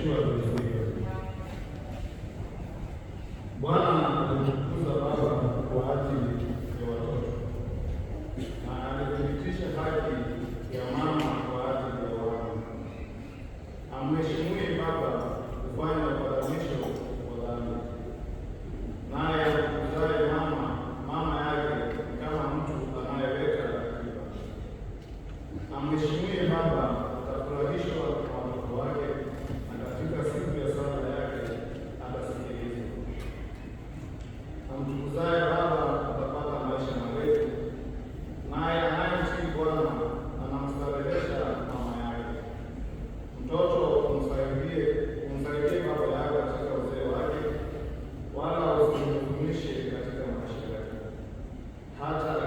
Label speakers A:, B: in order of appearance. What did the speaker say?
A: ikiwa imezuiwa. Bwana alimtukuza Baba kwa ajili ya watoto na amethibitisha haki ya mama kwa ajili ya wana. Amheshimuye Baba kufanya upatanisho wa dhambi, naye amtukuzaye mama mama yake kama mtu anayeweka akiba. Amheshimuye uzae baba utapata maisha marefu. Naye anayemtii Bwana anamstarehesha mama yake. Mtoto umsaidie, umsaidie baba yako katika uzee wake, wala usimhuzunishe katika maisha yake hata